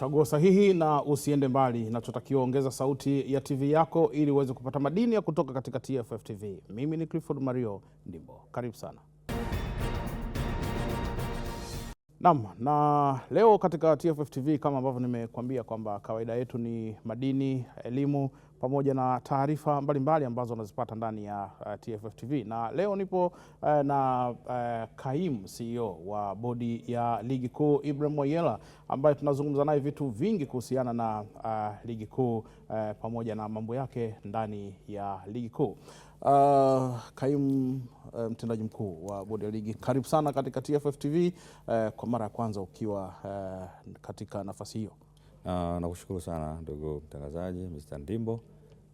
Chaguo sahihi na usiende mbali. nachotakiwa ongeza sauti ya TV yako ili uweze kupata madini ya kutoka katika TFF TV. Mimi ni Clifford Mario Ndimbo, karibu sana. nam na leo katika TFF TV kama ambavyo nimekuambia kwamba kawaida yetu ni madini, elimu pamoja na taarifa mbalimbali ambazo anazipata ndani ya uh, eh, TFF TV na leo nipo uh, na uh, kaimu CEO wa bodi ya ligi kuu Ibrahim Mwayela ambaye tunazungumza naye vitu vingi kuhusiana na uh, ligi kuu uh, pamoja na mambo yake ndani ya ligi kuu. Uh, kaimu uh, mtendaji mkuu wa bodi ya ligi, karibu sana katika TFF TV uh, kwa mara ya kwanza ukiwa uh, katika nafasi hiyo. Ah, na kushukuru sana ndugu mtangazaji Mr. Ndimbo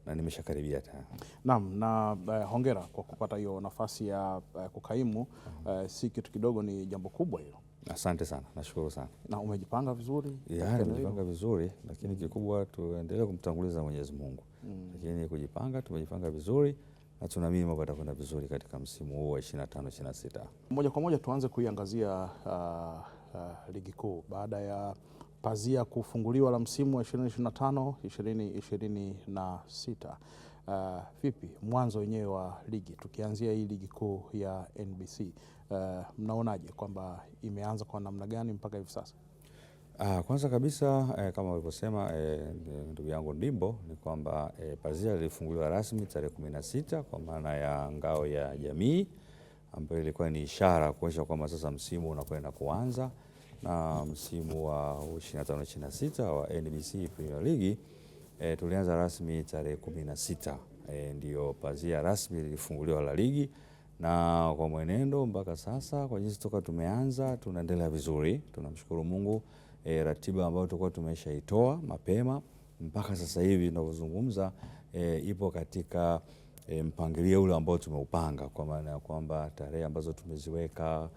na nimeshakaribia tena. Naam, na uh, hongera kwa kupata hiyo nafasi ya uh, kukaimu uh -huh. Uh, si kitu kidogo, ni jambo kubwa hilo. Asante sana, nashukuru sana. Na umejipanga vizuri? Ya, nimejipanga vizuri lakini mm. kikubwa tuendelee kumtanguliza Mwenyezi Mungu mm. lakini kujipanga, tumejipanga vizuri na tunaamini mambo yatakwenda vizuri katika msimu huu wa 25 26. Moja kwa moja tuanze kuiangazia uh, uh, ligi kuu baada ya pazia kufunguliwa la msimu wa 2025 2026. Uh, vipi mwanzo wenyewe wa ligi tukianzia hii ligi kuu ya NBC uh, mnaonaje kwamba imeanza kwa namna gani mpaka hivi sasa? Uh, kwanza kabisa eh, kama ulivyosema eh, ndugu yangu Ndimbo ni kwamba eh, pazia lilifunguliwa rasmi tarehe kumi na sita kwa maana ya ngao ya jamii ambayo ilikuwa ni ishara kuonyesha kwamba sasa msimu unakwenda kuanza na msimu wa 25 26 wa NBC Premier League e, tulianza rasmi tarehe 16 e, eh, ndio pazia rasmi lilifunguliwa la ligi, na kwa mwenendo mpaka sasa, kwa jinsi toka tumeanza tunaendelea vizuri, tunamshukuru Mungu. E, ratiba ambayo tulikuwa tumeshaitoa mapema mpaka sasa hivi tunavyozungumza, e, ipo katika e, mpangilio ule ambao tumeupanga kwa maana ya kwamba tarehe ambazo tumeziweka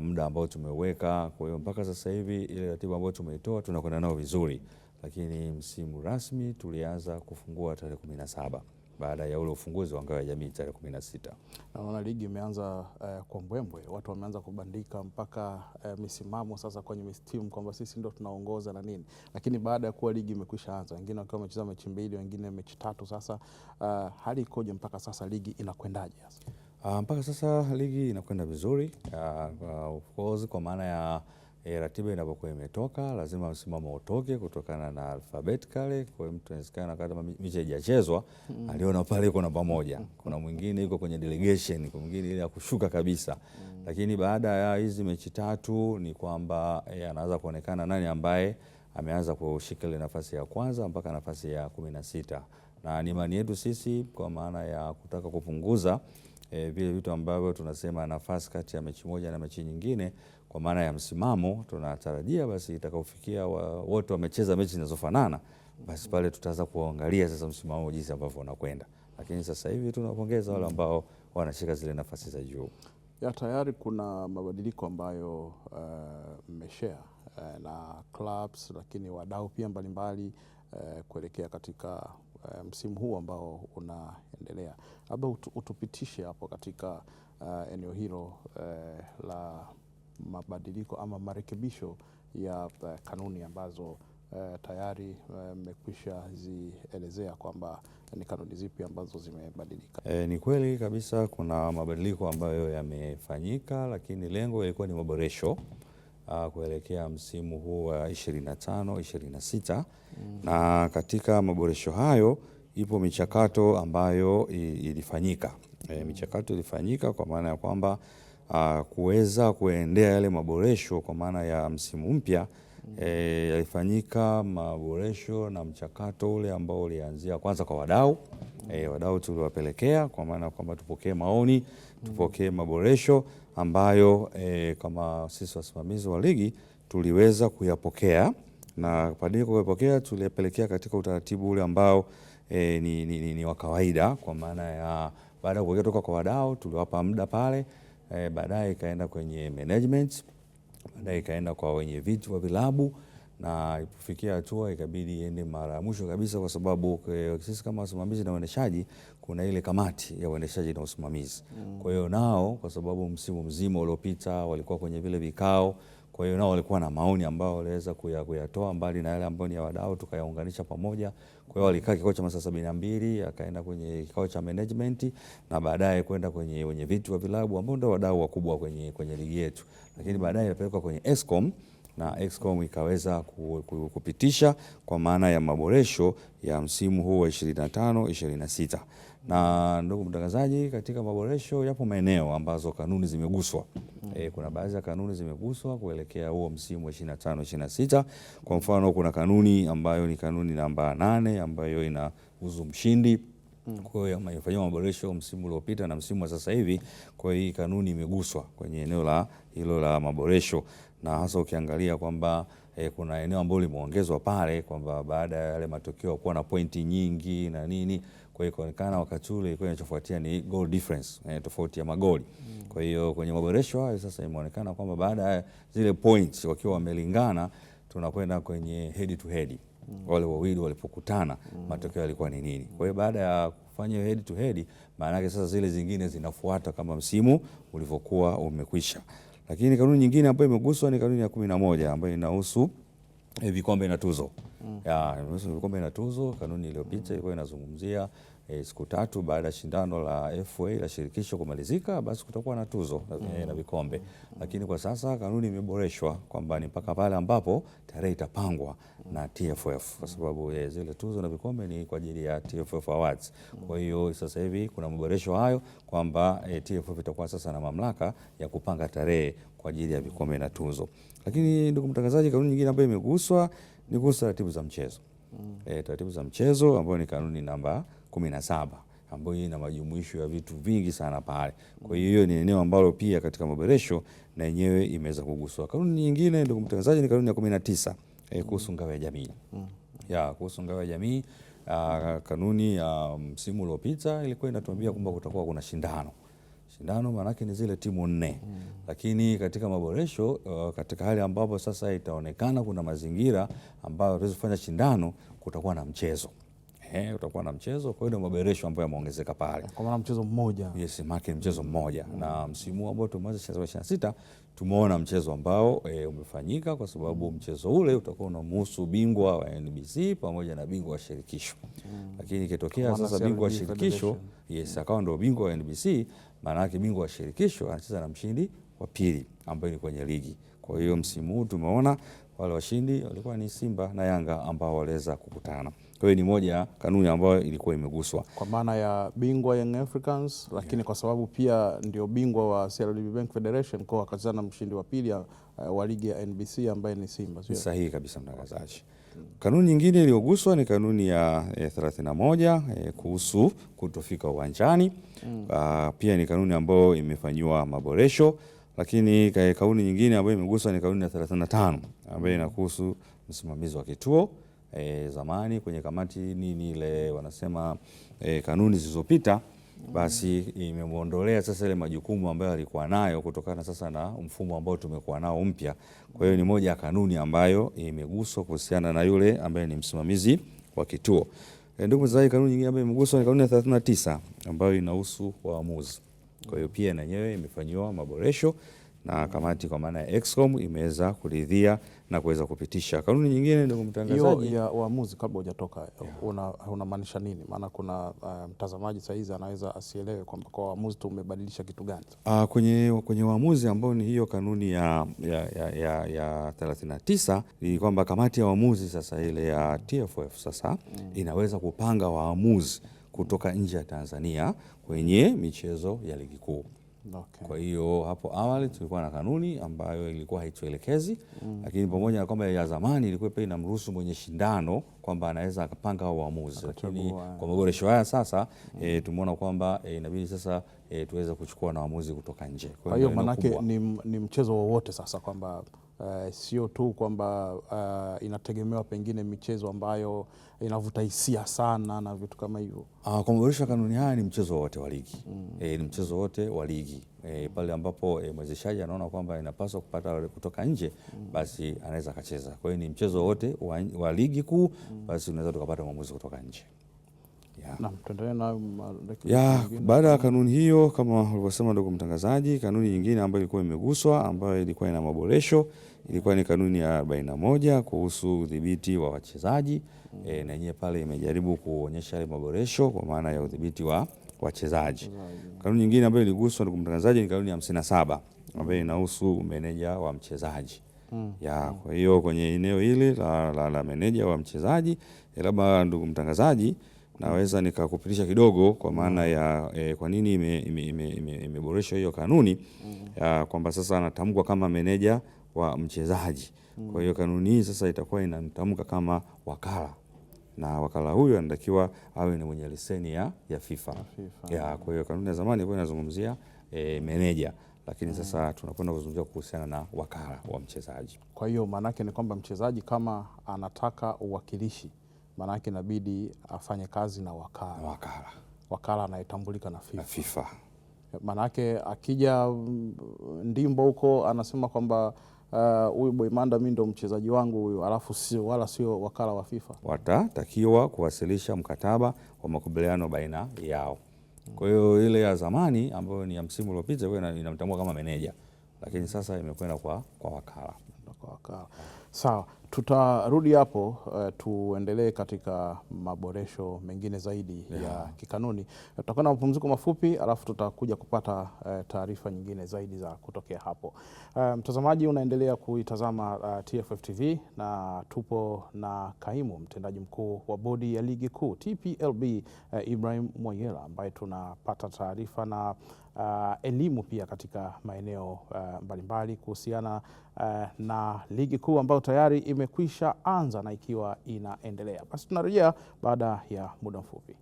muda ambao tumeweka. Kwa hiyo mpaka sasa hivi ile ratiba ambayo tumeitoa tunakwenda nao vizuri, lakini msimu rasmi tulianza kufungua tarehe kumi na saba baada ya ule ufunguzi wa ngao ya jamii tarehe kumi na sita. Naona ligi imeanza uh, kwa mbwembwe, watu wameanza kubandika mpaka uh, misimamo sasa kwenye timu kwamba sisi ndo tunaongoza na nini, lakini baada ya kuwa ligi imekwisha anza, wengine wakiwa wamecheza mechi mbili, wengine mechi tatu. Sasa uh, hali ikoje mpaka sasa, ligi inakwendaje sasa? Uh, ah, mpaka sasa ligi inakwenda vizuri uh, uh, of course kwa maana ya E, ratiba inapokuwa imetoka lazima msimamo utoke kutokana na alfabetikali. Kwa hiyo mtu inawezekana kama miche haijachezwa mm. aliona pale kuna pamoja, kuna mwingine yuko kwenye delegation, kuna mwingine ile ya kushuka kabisa mm. lakini baada ya hizi mechi tatu ni kwamba e, anaanza kuonekana nani ambaye ameanza kushika ile nafasi ya kwanza mpaka nafasi ya kumi na sita na ni imani yetu sisi kwa maana ya kutaka kupunguza eh, vile e, vitu ambavyo tunasema nafasi kati ya mechi moja na mechi nyingine kwa maana ya msimamo, tunatarajia basi itakaofikia wote wamecheza mechi zinazofanana, basi pale tutaanza kuangalia sasa msimamo jinsi ambavyo wanakwenda, lakini sasa hivi tunapongeza wale ambao wanashika zile nafasi za juu. Ya tayari kuna mabadiliko ambayo eh, mmeshare uh, uh, na clubs lakini wadau pia mbalimbali uh, kuelekea katika uh, msimu huu ambao unaendelea, labda utupitishe hapo katika uh, eneo hilo uh, la mabadiliko ama marekebisho ya eh, kanuni ambazo Uh, tayari eh, mmekwisha uh, zielezea kwamba ni kanuni zipi ambazo zimebadilika. E, ni kweli kabisa kuna mabadiliko ambayo yamefanyika, lakini lengo ilikuwa ni maboresho uh, kuelekea msimu huu wa 25 26 mm. Na katika maboresho hayo ipo michakato ambayo ilifanyika, e, michakato ilifanyika kwa maana ya kwamba uh, kuweza kuendea yale maboresho kwa maana ya msimu mpya mm E, yalifanyika maboresho na mchakato ule ambao ulianzia kwanza kwa wadau mm E, wadau tuliwapelekea kwa maana kwamba tupokee maoni mm-hmm. tupokee maboresho ambayo e, kama sisi wasimamizi wa ligi tuliweza kuyapokea na padili kuyapokea tuliyapelekea katika utaratibu ule ambao e, ni, ni, ni, ni wa kawaida kwa maana ya baada ya kupokea kutoka kwa wadau tuliwapa muda pale eh, baadaye ikaenda kwenye management, baadaye ikaenda kwa wenye viti wa vilabu na ipofikia hatua ikabidi iende mara ya mwisho kabisa, kwa sababu eh, sisi kama wasimamizi na uendeshaji kuna ile kamati ya uendeshaji na usimamizi mm. Kwa hiyo nao kwa sababu msimu mzima uliopita walikuwa kwenye vile vikao kwa hiyo nao walikuwa na maoni ambao waliweza kuyatoa mbali na yale ambayo ni ya wadau, tukayaunganisha pamoja. Kwa hiyo walikaa kikao cha masaa sabini na mbili, akaenda kwenye kikao cha management na baadaye kwenda kwenye wenye viti wa vilabu ambao ndio wadau wakubwa kwenye, kwenye ligi yetu, lakini baadaye ilipelekwa kwenye Escom na Excom ikaweza kupitisha kwa maana ya maboresho ya msimu huu wa 25 26. Na ndugu mtangazaji, katika maboresho yapo maeneo ambazo kanuni zimeguswa. Mm. E, kuna baadhi ya kanuni zimeguswa kuelekea huo msimu wa 25 26. Kwa mfano, kuna kanuni ambayo ni kanuni namba nane ambayo inahusu mshindi mm. kwa hiyo amefanywa maboresho msimu uliopita na msimu wa sasa hivi. Kwa hiyo hii kanuni imeguswa kwenye eneo la hilo la maboresho na hasa ukiangalia kwamba e, kuna eneo ambalo limeongezwa pale kwamba baada ya yale matokeo kuwa na pointi nyingi na nini, kwa hiyo ikaonekana wakati ule ilikuwa inachofuatia ni goal difference e, tofauti ya magoli mm. Kwa hiyo kwenye maboresho hayo sasa imeonekana kwamba baada ya zile points wakiwa wamelingana, tunakwenda kwenye head to head mm. Wale wawili walipokutana mm. matokeo yalikuwa ni nini? Kwa hiyo baada ya kufanya head to head, maana yake sasa zile zingine zinafuata kama msimu ulivyokuwa umekwisha. Lakini kanuni nyingine ambayo imeguswa ni kanuni ya kumi na moja ambayo inahusu eh, vikombe na tuzo. Mm. Ya, inahusu vikombe na tuzo. Kanuni iliyopita ilikuwa inazungumzia E, siku tatu baada ya shindano la FA la shirikisho kumalizika, basi kutakuwa na tuzo e, mm na vikombe mm Lakini kwa sasa kanuni imeboreshwa kwamba ni mpaka pale ambapo tarehe itapangwa mm na TFF kwa sababu e, zile tuzo na vikombe ni kwa ajili ya TFF Awards mm Kwa hiyo sasa hivi kuna maboresho hayo kwamba e, TFF itakuwa sasa na mamlaka ya kupanga tarehe kwa ajili ya vikombe na tuzo. Lakini ndugu mtangazaji, kanuni nyingine ambayo imeguswa ni kuhusu taratibu za mchezo mm E, taratibu za mchezo ambayo ni kanuni namba kumi na saba ambayo ina majumuisho ya vitu vingi sana pale. Kwa hiyo hiyo ni eneo ambalo pia katika maboresho na yenyewe imeweza kuguswa. Kanuni nyingine, ndugu mtangazaji, ni kanuni ya kumi na tisa eh, kuhusu ngao ya jamii mm. ya kuhusu ngao ya jamii uh, kanuni ya uh, msimu uliopita ilikuwa inatuambia kwamba kutakuwa kuna shindano shindano maanake ni zile timu nne mm. Lakini katika maboresho uh, katika hali ambapo sasa itaonekana kuna mazingira ambayo tunaweza kufanya shindano, kutakuwa na mchezo mm eh, utakuwa na mchezo. Kwa hiyo ndio maboresho ambayo yameongezeka pale, kwa maana mchezo mmoja yes, maana mchezo mmoja mm. na msimu ambao tumeanza sita tumeona mchezo ambao e, umefanyika kwa sababu mchezo ule utakuwa unamhusu bingwa wa NBC pamoja na bingwa wa shirikisho mm. lakini ikitokea sasa bingwa wa shirikisho yes, mm. akawa ndio bingwa wa NBC, maana yake bingwa wa shirikisho anacheza na mshindi wa pili ambaye ni kwenye ligi. Kwa hiyo msimu huu tumeona wale washindi walikuwa ni Simba na Yanga ambao waliweza kukutana. Kwa hiyo ni moja kanuni ambayo ilikuwa imeguswa kwa maana ya bingwa Young Africans, lakini yeah. kwa sababu pia ndio bingwa wa CRDB Bank Federation kwa na mshindi wa pili uh, wa ligi ya NBC ambaye ni Simba. Sahihi kabisa mtangazaji. Kanuni nyingine iliyoguswa ni kanuni ya e, 31 e, kuhusu kutofika uwanjani mm. A, ah, pia ni kanuni ambayo imefanyiwa maboresho, lakini eh, kanuni nyingine ambayo imeguswa ni kanuni ya 35 ambayo inahusu msimamizi wa kituo e, zamani kwenye kamati nini ile wanasema e, kanuni zilizopita basi imemwondolea sasa ile majukumu ambayo alikuwa nayo kutokana sasa na mfumo ambao tumekuwa nao mpya. Kwa hiyo ni moja ya kanuni ambayo imeguswa kuhusiana na yule ambaye ni msimamizi wa kituo. E, ndugu zangu, kanuni nyingine ambayo imeguswa ni kanuni ya 39 ambayo inahusu waamuzi. Kwa hiyo pia na yenyewe imefanyiwa maboresho na kamati kwa maana ya Excom imeweza kuridhia na kuweza kupitisha kanuni nyingine. Ndio mtangazaji, ya uamuzi kabla hujatoka yeah, unamaanisha una nini? Maana kuna uh, mtazamaji sahizi anaweza asielewe kwamba kwa uamuzi tu umebadilisha kitu gani? Uh, kwenye kwenye uamuzi ambao ni hiyo kanuni ya, ya, ya, ya, ya 39 ni kwamba kamati ya uamuzi sasa ile ya TFF sasa mm, inaweza kupanga waamuzi kutoka nje ya Tanzania kwenye michezo ya ligi kuu. Okay. Kwa hiyo hapo awali tulikuwa na kanuni ambayo ilikuwa haituelekezi mm. Lakini pamoja na kwamba ya zamani ilikuwa pia inamruhusu mwenye shindano kwamba anaweza akapanga au uamuzi lakini kwa maboresho haya sasa mm. E, tumeona kwamba e, inabidi sasa e, tuweze kuchukua na waamuzi kutoka nje. Kwa hiyo maanake ni, ni mchezo wowote sasa kwamba Uh, sio tu kwamba uh, inategemewa pengine michezo ambayo inavuta hisia sana na vitu kama hivyo. Uh, kwa maboresho ya kanuni haya ni mchezo wote wa ligi mm. E, ni mchezo wote wa ligi e, pale ambapo e, mwezeshaji anaona kwamba inapaswa kupata kutoka nje mm. basi anaweza akacheza. Kwa hiyo ni mchezo wote wa, wa ligi kuu mm. basi unaweza tukapata mwamuzi kutoka nje. Baada ya kanuni hiyo, kama ulivyosema ndugu mtangazaji, kanuni nyingine ambayo ilikuwa imeguswa ambayo ilikuwa ina maboresho ilikuwa ni kanuni ya moja kuhusu udhibiti wa wachezaji mm. E, na yenyewe pale imejaribu kuonyesha yale maboresho kwa maana ya udhibiti wa wachezaji. Kanuni nyingine ambayo iliguswa ndugu mtangazaji ni kanuni ya 57 ambayo inahusu meneja wa mchezaji hmm. ya kwa hiyo kwenye eneo hili la, la, la meneja wa mchezaji e, labda ndugu mtangazaji naweza nikakupitisha kidogo kwa maana ya e, kwa nini imeboreshwa ime, ime, ime hiyo kanuni hmm. ya kwamba sasa anatamkwa kama meneja wa mchezaji. Kwa hiyo kanuni hii sasa itakuwa inamtamka kama wakala na wakala huyu anatakiwa awe ni mwenye leseni ya, ya FIFA, FIFA. Ya, kwa hiyo kanuni ya zamani ilikuwa inazungumzia e, meneja lakini hmm. Sasa tunakwenda kuzungumzia kuhusiana na wakala wa mchezaji. Kwa hiyo maanake ni kwamba mchezaji kama anataka uwakilishi, maanake inabidi afanye kazi na wakala wakala, wakala anayetambulika na FIFA, na FIFA. Maanake akija mm, ndimbo huko anasema kwamba Uh, huyu uh, Boimanda mi ndo mchezaji wangu huyu, alafu sio wala sio wakala wa FIFA, watatakiwa kuwasilisha mkataba wa makubaliano baina yao. Kwa hiyo ile ya zamani ambayo ni ya msimu uliopita inamtambua kama meneja, lakini sasa imekwenda kwa, kwa wakala, kwa wakala. Sawa. Tutarudi hapo uh, tuendelee katika maboresho mengine zaidi yeah, ya kikanuni. Tutakuwa na mapumziko mafupi, alafu tutakuja kupata uh, taarifa nyingine zaidi za kutokea hapo. Uh, mtazamaji unaendelea kuitazama uh, TFF TV na tupo na kaimu mtendaji mkuu wa bodi ya ligi kuu TPLB uh, Ibrahim Mwayela ambaye tunapata taarifa na Uh, elimu pia katika maeneo uh, mbalimbali kuhusiana uh, na ligi kuu ambayo tayari imekwisha anza na ikiwa inaendelea. Basi tunarejea baada ya muda mfupi.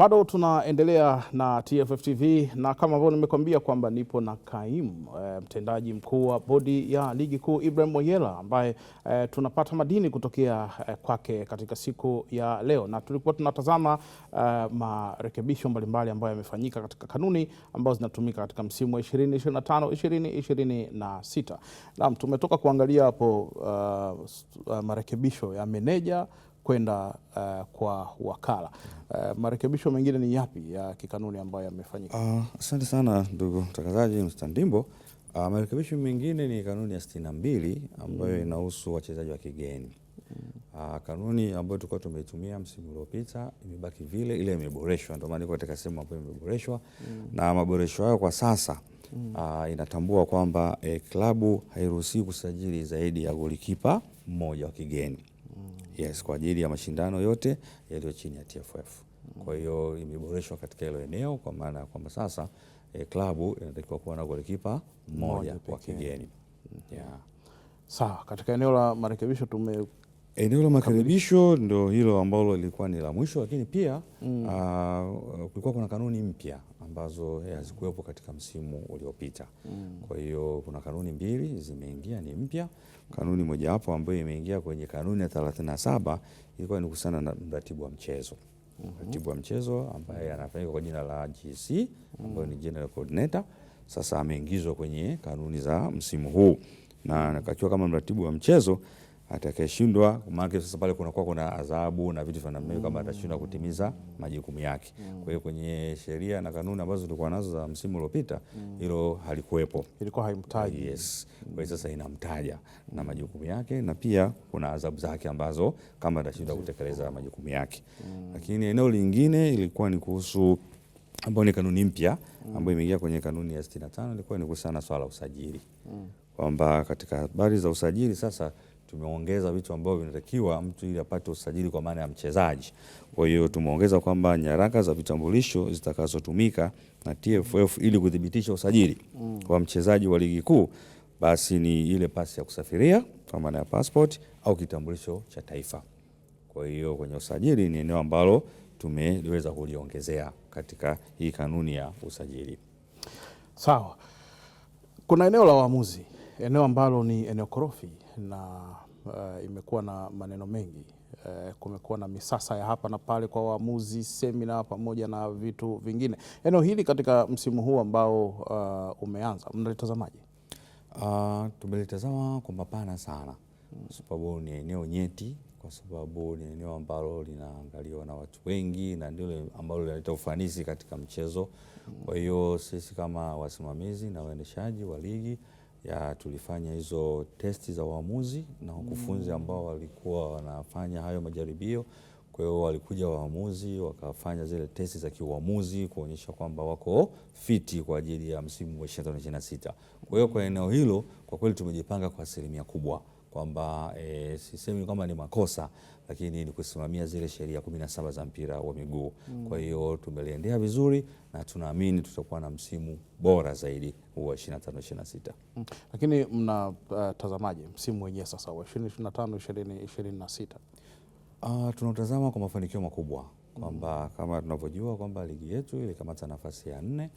Bado tunaendelea na TFF TV na kama ambavyo nimekwambia kwamba nipo na kaimu e, mtendaji mkuu wa bodi ya ligi kuu Ibrahim Moyela ambaye e, tunapata madini kutokea e, kwake katika siku ya leo, na tulikuwa tunatazama e, marekebisho mbalimbali ambayo yamefanyika katika kanuni ambazo zinatumika katika msimu wa 2025 2026. Naam, tumetoka kuangalia hapo uh, marekebisho ya meneja kwenda uh, kwa wakala uh, marekebisho mengine ni yapi ya kikanuni ambayo yamefanyika? Ah, asante uh, sana ndugu mtangazaji mstandimbo Uh, ah, marekebisho mengine ni kanuni ya sitini na mbili ambayo mm. inahusu wachezaji wa kigeni mm. uh, kanuni ambayo tulikuwa tumeitumia msimu uliopita imebaki vile ile, imeboreshwa ndio maana iko katika sehemu ambayo imeboreshwa mm. na maboresho hayo kwa sasa mm. uh, inatambua kwamba eh, klabu hairuhusiwi kusajili zaidi ya golikipa mmoja wa kigeni Yes, kwa ajili ya mashindano yote yaliyo chini ya TFF. Kwa hiyo imeboreshwa katika hilo eneo kwa maana ya kwamba sasa e, klabu inatakiwa kuwa na golikipa mmoja kwa kigeni. Yeah. Sawa, katika eneo la marekebisho tume Eneo la makaribisho ndo hilo ambalo lilikuwa ni la mwisho, lakini pia mm. uh, kulikuwa kuna kanuni mpya ambazo eh, hazikuwepo katika msimu uliopita mm. Kwa hiyo kuna kanuni mbili zimeingia, ni mpya. Kanuni mojawapo ambayo imeingia kwenye kanuni ya 37 ilikuwa ni kuhusiana na mratibu wa mchezo mm -hmm. Mratibu wa mchezo ambaye mm. anafanyika kwa jina la GC mm. ambayo ni general coordinator, sasa ameingizwa kwenye kanuni za msimu huu na mm. akiwa kama mratibu wa mchezo atakayeshindwa maana sasa pale kunakuwa kuna adhabu na vitu vya namna hiyo, kama atashindwa kutimiza majukumu yake. Kwa hiyo kwenye sheria na kanuni ambazo tulikuwa nazo za msimu uliopita, hilo halikuwepo, ilikuwa haimtaji. Yes, kwa hiyo sasa inamtaja na majukumu yake, na pia kuna adhabu zake ambazo kama atashindwa kutekeleza majukumu yake. Lakini eneo lingine ilikuwa ni kuhusu ambayo ni kanuni mpya ambayo imeingia kwenye kanuni ya 65 ilikuwa ni kuhusiana na swala la usajili, kwamba katika habari za usajili sasa tumeongeza vitu ambavyo vinatakiwa mtu ili apate usajili kwa maana ya mchezaji. Kwa hiyo tumeongeza kwamba nyaraka za vitambulisho zitakazotumika na TFF ili kuthibitisha usajili mm. kwa mchezaji wa ligi kuu basi ni ile pasi ya kusafiria kwa maana ya passport au kitambulisho cha taifa. Kwa hiyo kwenye usajili ni eneo ambalo tumeweza kuliongezea katika hii kanuni ya usajili. Sawa, kuna eneo la waamuzi eneo ambalo ni eneo korofi na uh, imekuwa na maneno mengi uh, kumekuwa na misasa ya hapa na pale kwa waamuzi, semina pamoja na vitu vingine. Eneo hili katika msimu huu ambao uh, umeanza mnalitazamaje? Uh, tumelitazama kwa mapana sana hmm. kwa sababu ni eneo nyeti, kwa sababu ni eneo ambalo linaangaliwa na watu wengi na ndilo ambalo linaleta ufanisi katika mchezo. Hmm. Kwa hiyo sisi kama wasimamizi na waendeshaji wa ligi ya tulifanya hizo testi za waamuzi na wakufunzi ambao walikuwa wanafanya hayo majaribio. Kwa hiyo walikuja waamuzi wakafanya zile testi za kiuamuzi kuonyesha kwamba wako fiti kwa ajili ya msimu wa 2025/26. Kwa hiyo kwa eneo hilo kwa kweli tumejipanga kwa asilimia kubwa kwamba e, sisemi kwamba ni makosa lakini ni kusimamia zile sheria kumi na saba za mpira wa miguu mm. Kwa hiyo tumeliendea vizuri na tunaamini tutakuwa na msimu bora zaidi wa 25 26. Mm. Lakini mnatazamaje eh, uh, msimu wenyewe sasa wa 25 26? Uh, tunautazama kwa mafanikio makubwa kwamba mm. kama tunavyojua kwamba ligi yetu ilikamata nafasi ya nne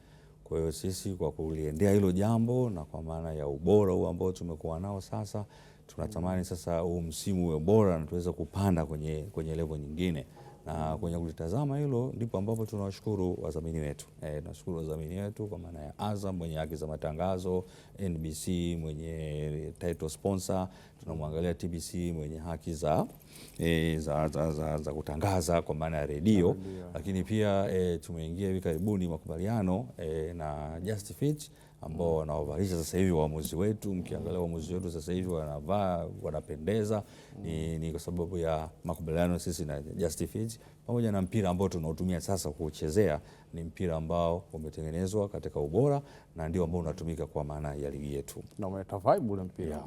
kwa hiyo sisi kwa kuliendea hilo jambo na kwa maana ya ubora huu ambao tumekuwa nao sasa tunatamani sasa huu msimu uwe bora na tuweze kupanda kwenye, kwenye level nyingine na kwenye kulitazama hilo ndipo ambapo tunawashukuru wadhamini wetu e, tunashukuru wadhamini wetu kwa maana ya Azam mwenye haki za matangazo, NBC mwenye title sponsor, tunamwangalia TBC mwenye haki za, e, za, za, za, za kutangaza kwa maana ya redio, lakini pia e, tumeingia hivi karibuni makubaliano e, na Just Fit ambao wanawavalisha sasa hivi waamuzi wetu. Mkiangalia waamuzi wetu sasa hivi wanavaa, wanapendeza, ni, ni kwa sababu ya makubaliano sisi na Just pamoja na mpira ambao tunautumia sasa kuchezea. Ni mpira ambao umetengenezwa katika ubora na ndio ambao unatumika kwa maana ya ligi yetu na umeleta vibe ule mpira yeah.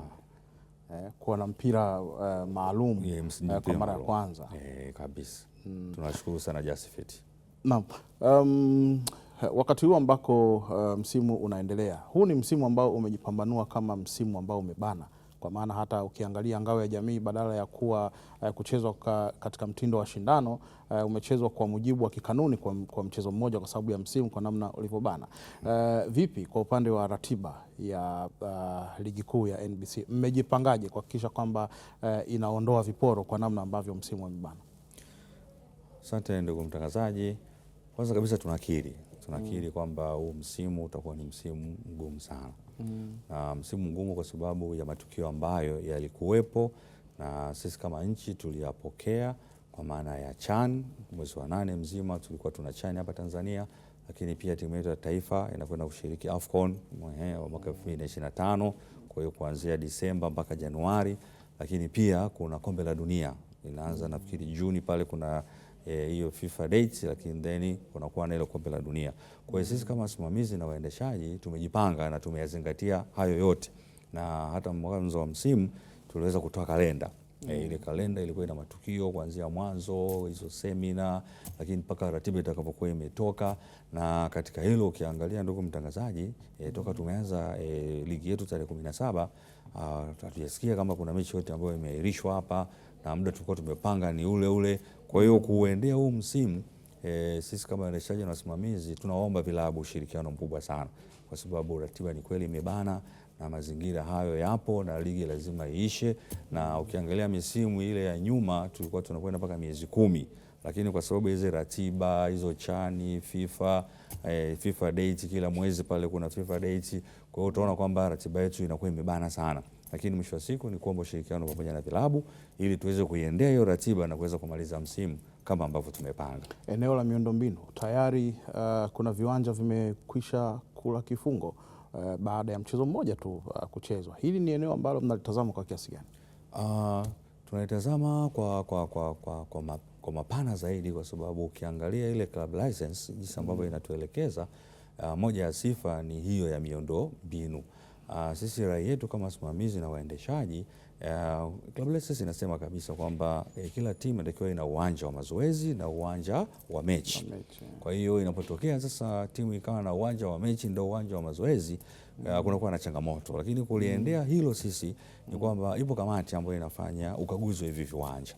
Eh, kuwa na mpira uh, maalum yeah, uh, kwa mara ya kwanza eh, kabisa mm. Tunashukuru sana Just Naam. Um, wakati huu ambako uh, msimu unaendelea, huu ni msimu ambao umejipambanua kama msimu ambao umebana kwa maana hata ukiangalia ngao ya jamii badala ya kuwa uh, kuchezwa ka, katika mtindo wa shindano uh, umechezwa kwa mujibu wa kikanuni kwa, kwa mchezo mmoja kwa sababu ya msimu kwa namna ulivyobana. Uh, vipi kwa upande wa ratiba ya uh, ligi kuu ya NBC mmejipangaje kuhakikisha kwamba uh, inaondoa viporo kwa namna ambavyo msimu umebana? Asante ndugu mtangazaji, kwanza kabisa tunakiri tunakiri mm. kwamba huu msimu utakuwa ni msimu mgumu sana mm. na ah, msimu mgumu kwa sababu ya matukio ambayo yalikuwepo na sisi kama nchi tuliyapokea kwa maana ya CHAN mwezi wa nane mzima tulikuwa tuna CHAN hapa Tanzania, lakini pia timu yetu ya taifa inakwenda kushiriki AFCON wa mwaka 2025 kwa hiyo kuanzia Disemba mpaka Januari, lakini pia kuna kombe la dunia inaanza nafikiri Juni pale kuna Eh, hiyo e, FIFA date, lakini then kunakuwa na ile kombe la dunia. Kwa hiyo sisi kama wasimamizi na waendeshaji tumejipanga na tumeyazingatia hayo yote, na hata mwanzo wa msimu tuliweza kutoa kalenda eh, mm. E, ile kalenda ilikuwa ina matukio kuanzia mwanzo hizo semina, lakini mpaka ratiba itakapokuwa imetoka. Na katika hilo ukiangalia, ndugu mtangazaji, e, toka tumeanza e, ligi yetu tarehe kumi na saba ah, hatujasikia kama kuna mechi yote ambayo imeahirishwa hapa, na muda tulikuwa tumepanga ni ule ule. Kwa hiyo kuendea huu msimu e, sisi kama waendeshaji na wasimamizi tunaomba vilabu ushirikiano mkubwa sana, kwa sababu ratiba ni kweli imebana na mazingira hayo yapo na ligi lazima iishe, na ukiangalia misimu ile ya nyuma tulikuwa tunakwenda mpaka miezi kumi, lakini kwa sababu hizi ratiba hizo chani FIFA eh, FIFA date kila mwezi pale kuna FIFA date. Kwa hiyo utaona kwamba ratiba yetu inakuwa imebana sana lakini mwisho wa siku ni kuomba ushirikiano pamoja na vilabu ili tuweze kuiendea hiyo ratiba na kuweza kumaliza msimu kama ambavyo tumepanga. Eneo la miundombinu tayari uh, kuna viwanja vimekwisha kula kifungo uh, baada ya mchezo mmoja tu uh, kuchezwa. Hili ni eneo ambalo mnalitazama kwa kiasi gani? Uh, tunalitazama kwa, kwa, kwa, kwa, kwa, ma, kwa mapana zaidi kwa sababu ukiangalia ile club license jinsi ambavyo mm. inatuelekeza uh, moja ya sifa ni hiyo ya miundo mbinu Uh, sisi rai yetu kama wasimamizi na waendeshaji uh, Club Leicester inasema kabisa kwamba eh, kila timu inatakiwa ina uwanja wa mazoezi na uwanja wa mechi. Kwa hiyo inapotokea sasa timu ikawa na uwanja wa mechi ndio uwanja wa mazoezi uh, kunakuwa na changamoto, lakini kuliendea mm. hilo sisi ni mm. kwamba ipo kamati ambayo inafanya ukaguzi wa hivi viwanja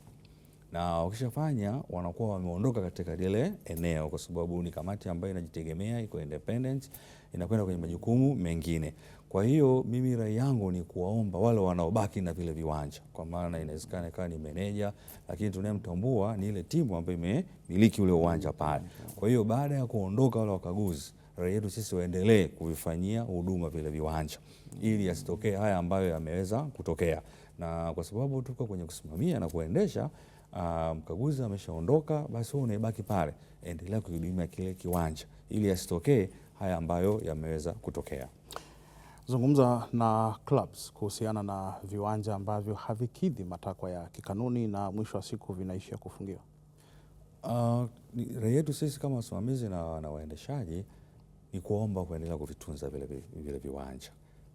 na wakishafanya wanakuwa wameondoka katika lile eneo, kwa sababu ni kamati ambayo inajitegemea, iko independent, inakwenda kwenye majukumu mengine. Kwa hiyo mimi rai yangu ni kuwaomba wale wanaobaki na vile viwanja, kwa maana inawezekana ikawa ni meneja, lakini tunayemtambua ni ile timu ambayo imemiliki ule uwanja pale. Kwa hiyo baada ya kuondoka wale wakaguzi, rai yetu sisi waendelee kuvifanyia huduma vile viwanja, ili yasitokee haya ambayo yameweza kutokea, na kwa sababu tuko kwenye kusimamia na kuendesha Uh, mkaguzi ameshaondoka, basi wewe unaibaki pale, endelea kuhudumia kile kiwanja ili yasitokee haya ambayo yameweza kutokea zungumza na clubs kuhusiana na viwanja ambavyo havikidhi matakwa ya kikanuni na mwisho wa siku vinaishia kufungiwa. Uh, rai yetu sisi kama wasimamizi na, na waendeshaji ni kuomba kuendelea kuvitunza vile, vile viwanja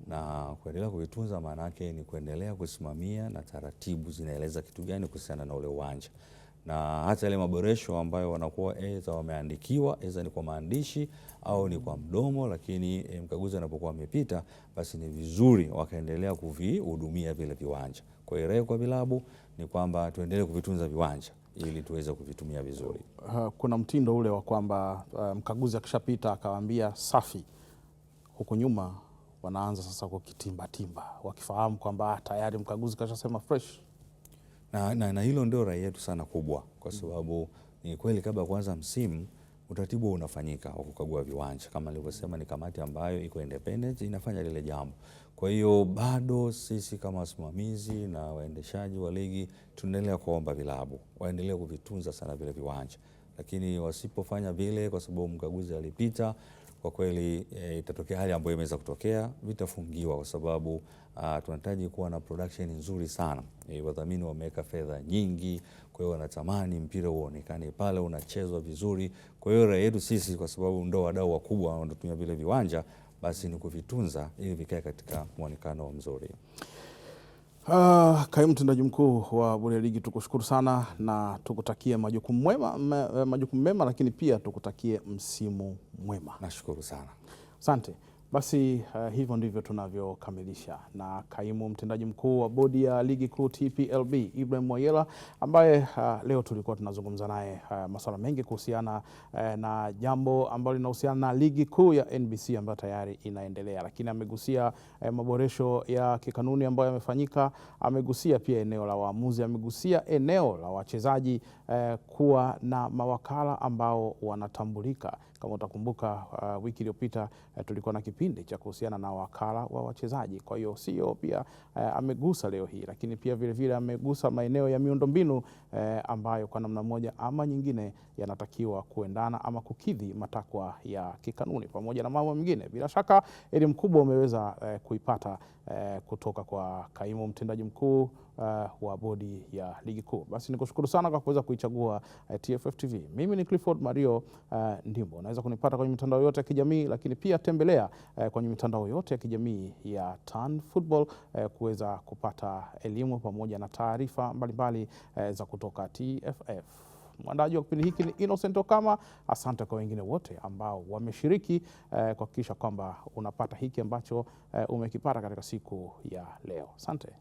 na kuendelea kuvitunza maana yake ni kuendelea kusimamia na taratibu zinaeleza kitu gani kuhusiana na ule uwanja na hata yale maboresho ambayo wanakuwa aidha wameandikiwa, aidha ni kwa maandishi au ni kwa mdomo, lakini e, mkaguzi anapokuwa amepita, basi ni vizuri wakaendelea kuvihudumia vile viwanja. Kwa hiyo rai kwa vilabu ni kwamba tuendelee kuvitunza viwanja ili tuweze kuvitumia vizuri. Kuna mtindo ule wa kwamba eh, mkaguzi akishapita akawaambia safi, huku nyuma wanaanza sasa kukitimbatimba, wakifahamu kwamba ah, tayari mkaguzi kashasema fresh na, na, na hilo ndio rai yetu sana kubwa, kwa sababu ni kweli kabla ya kuanza msimu utaratibu unafanyika wa kukagua viwanja. Kama nilivyosema, ni kamati ambayo iko independent inafanya lile jambo. Kwa hiyo bado sisi kama wasimamizi na waendeshaji wa ligi tunaendelea kuomba vilabu waendelee kuvitunza sana vile viwanja, lakini wasipofanya vile, kwa sababu mkaguzi alipita kwa kweli e, itatokea hali ambayo imeweza kutokea, vitafungiwa kwa sababu ah, tunahitaji kuwa na production nzuri sana e, wadhamini wameweka fedha nyingi, kwa hiyo wanatamani mpira uonekane pale unachezwa vizuri. Kwa hiyo raia yetu sisi, kwa sababu ndo wadau wakubwa wanatumia vile viwanja, basi ni kuvitunza ili vikae katika mwonekano mzuri. Uh, ah, kaimu mtendaji mkuu wa Bodi ya Ligi, tukushukuru sana na tukutakie majukumu mema, eh, majukumu mema, lakini pia tukutakie msimu mwema. Nashukuru sana, asante. Basi uh, hivyo ndivyo tunavyokamilisha na kaimu mtendaji mkuu wa bodi ya ligi kuu TPLB Ibrahim Mwayela ambaye uh, leo tulikuwa tunazungumza naye uh, eh, masuala mengi kuhusiana uh, na jambo ambalo linahusiana na ligi kuu ya NBC ambayo tayari inaendelea, lakini amegusia uh, maboresho ya kikanuni ambayo yamefanyika, amegusia pia eneo la waamuzi, amegusia eneo la wachezaji uh, kuwa na mawakala ambao wanatambulika kama utakumbuka uh, wiki iliyopita uh, tulikuwa na kipindi cha kuhusiana na wakala wa wachezaji. Kwa hiyo CEO pia uh, amegusa leo hii, lakini pia vilevile vile amegusa maeneo ya miundombinu uh, ambayo kwa namna moja ama nyingine yanatakiwa kuendana ama kukidhi matakwa ya kikanuni pamoja na mambo mengine. Bila shaka elimu kubwa umeweza uh, kuipata uh, kutoka kwa kaimu mtendaji mkuu uh, wa bodi ya ligi kuu. Basi nikushukuru sana kwa kuweza kuichagua uh, TFF TV. Mimi ni Clifford Mario uh, Ndimbo. Unaweza kunipata kwenye mitandao yote ya kijamii, lakini pia tembelea uh, kwenye mitandao yote ya kijamii ya Tan Football uh, kuweza kupata elimu pamoja na taarifa mbalimbali uh, za kutoka TFF. Mwandaji wa kipindi hiki ni Innocent Okama. Asante kwa wengine wote ambao wameshiriki eh, kuhakikisha kwamba unapata hiki ambacho eh, umekipata katika siku ya leo. Asante.